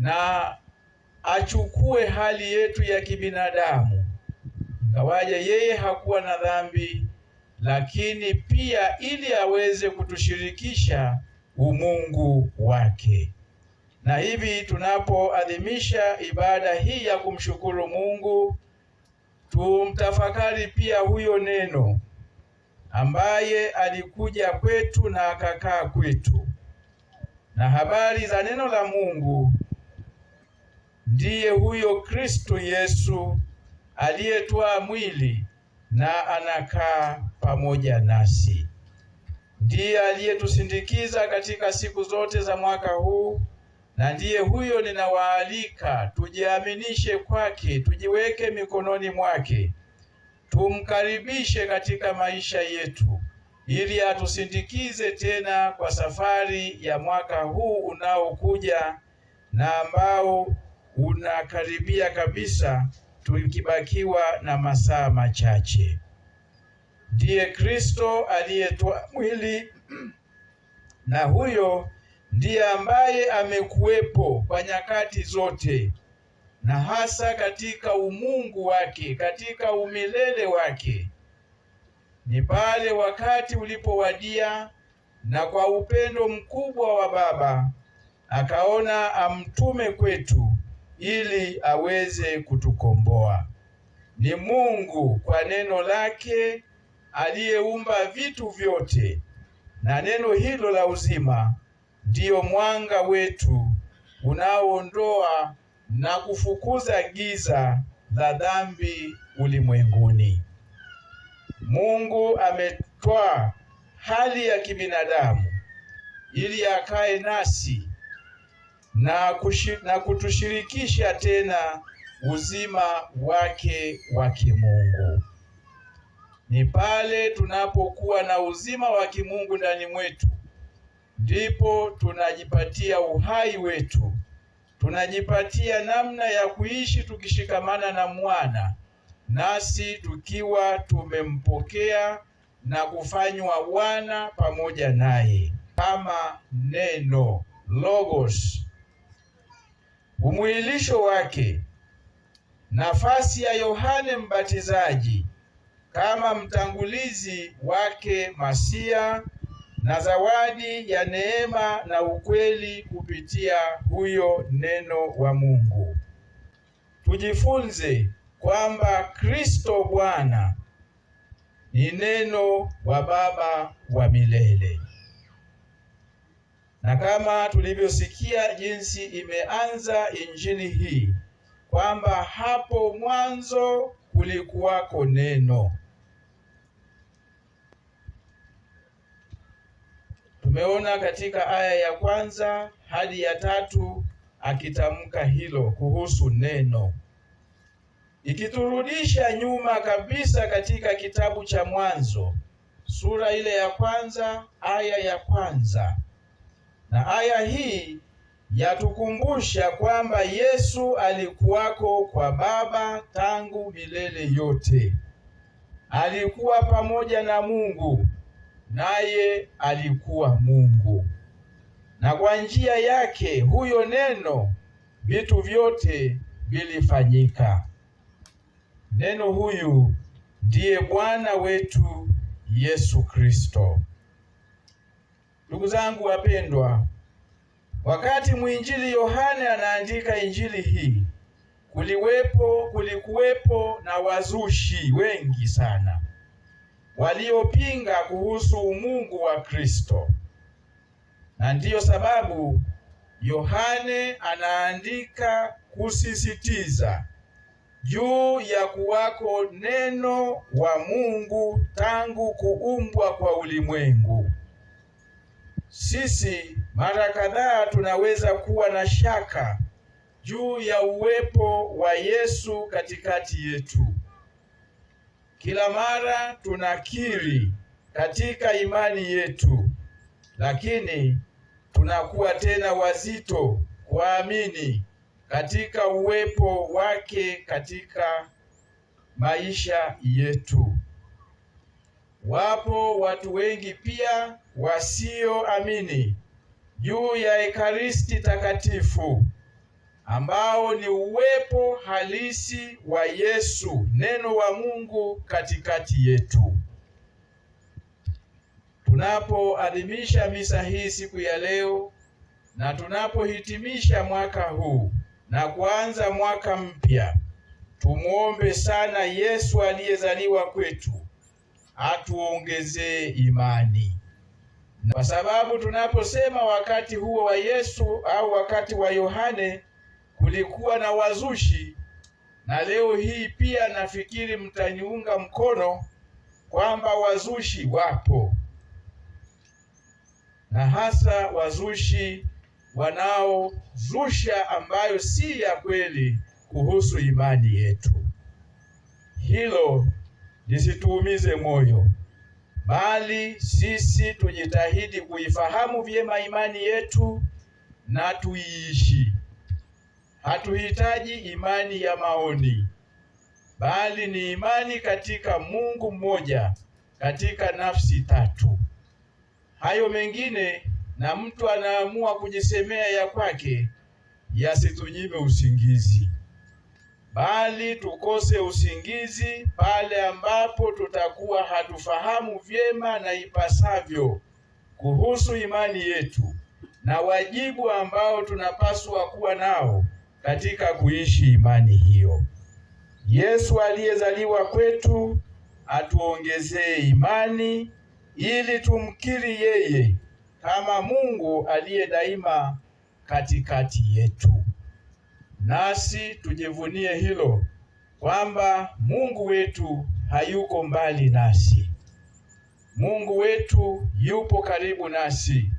na achukue hali yetu ya kibinadamu, ingawaje yeye hakuwa na dhambi, lakini pia ili aweze kutushirikisha umungu wake. Na hivi tunapoadhimisha ibada hii ya kumshukuru Mungu, tumtafakari pia huyo neno ambaye alikuja kwetu na akakaa kwetu, na habari za neno la Mungu ndiye huyo Kristo Yesu aliyetwaa mwili na anakaa pamoja nasi. Ndiye aliyetusindikiza katika siku zote za mwaka huu, na ndiye huyo ninawaalika tujiaminishe kwake, tujiweke mikononi mwake, tumkaribishe katika maisha yetu ili atusindikize tena kwa safari ya mwaka huu unaokuja na ambao unakaribia kabisa, tukibakiwa na masaa machache. Ndiye Kristo aliyetwa mwili na huyo ndiye ambaye amekuwepo kwa nyakati zote na hasa katika umungu wake, katika umilele wake. Ni pale wakati ulipowadia, na kwa upendo mkubwa wa Baba akaona amtume kwetu ili aweze kutukomboa. Ni Mungu kwa neno lake aliyeumba vitu vyote, na neno hilo la uzima ndiyo mwanga wetu unaoondoa na kufukuza giza la dhambi ulimwenguni. Mungu ametwaa hali ya kibinadamu ili akae nasi na, kushir, na kutushirikisha tena uzima wake wa kimungu. Ni pale tunapokuwa na uzima wa kimungu ndani mwetu ndipo tunajipatia uhai wetu, tunajipatia namna ya kuishi tukishikamana na mwana, nasi tukiwa tumempokea na kufanywa wana pamoja naye kama neno logos Umwilisho wake, nafasi ya Yohane Mbatizaji kama mtangulizi wake Masia na zawadi ya neema na ukweli kupitia huyo neno wa Mungu. Tujifunze kwamba Kristo Bwana ni neno wa Baba wa milele na kama tulivyosikia jinsi imeanza injili hii kwamba hapo mwanzo kulikuwako neno. Tumeona katika aya ya kwanza hadi ya tatu akitamka hilo kuhusu neno, ikiturudisha nyuma kabisa katika kitabu cha Mwanzo sura ile ya kwanza aya ya kwanza na aya hii yatukumbusha kwamba Yesu alikuwako kwa Baba tangu milele yote, alikuwa pamoja na Mungu naye alikuwa Mungu, na kwa njia yake huyo neno vitu vyote vilifanyika. Neno huyu ndiye Bwana wetu Yesu Kristo. Ndugu zangu wapendwa, wakati mwinjili Yohane anaandika injili hii, kuliwepo kulikuwepo na wazushi wengi sana waliopinga kuhusu umungu wa Kristo, na ndiyo sababu Yohane anaandika kusisitiza juu ya kuwako neno wa Mungu tangu kuumbwa kwa ulimwengu sisi mara kadhaa tunaweza kuwa na shaka juu ya uwepo wa Yesu katikati yetu. Kila mara tunakiri katika imani yetu, lakini tunakuwa tena wazito kuamini katika uwepo wake katika maisha yetu. Wapo watu wengi pia wasioamini juu ya Ekaristi takatifu ambao ni uwepo halisi wa Yesu neno wa Mungu katikati yetu. Tunapoadhimisha misa hii siku ya leo na tunapohitimisha mwaka huu na kuanza mwaka mpya, tumwombe sana Yesu aliyezaliwa kwetu atuongezee imani, kwa sababu tunaposema wakati huo wa Yesu au wakati wa Yohane kulikuwa na wazushi, na leo hii pia nafikiri mtaniunga mkono kwamba wazushi wapo, na hasa wazushi wanaozusha ambayo si ya kweli kuhusu imani yetu. Hilo lisituumize moyo, bali sisi tujitahidi kuifahamu vyema imani yetu na tuiishi. Hatuhitaji imani ya maoni, bali ni imani katika Mungu mmoja katika nafsi tatu. Hayo mengine na mtu anaamua kujisemea ya kwake, yasitunyime usingizi, bali tukose usingizi bali tutakuwa hatufahamu vyema na ipasavyo kuhusu imani yetu na wajibu ambao tunapaswa kuwa nao katika kuishi imani hiyo. Yesu aliyezaliwa kwetu atuongezee imani ili tumkiri yeye kama Mungu aliye daima katikati yetu, nasi tujivunie hilo kwamba Mungu wetu hayuko mbali nasi. Mungu wetu yupo karibu nasi.